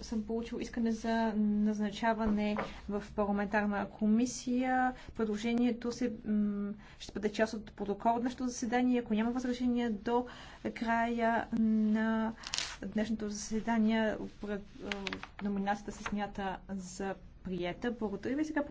съм получил искане за назначаване в парламентарна комисия. Предложението се, ще бъде част от протокол от нашето заседание. Ако няма възражения до края на днешното заседание, номинацията се смята за прията. Благодаря ви сега.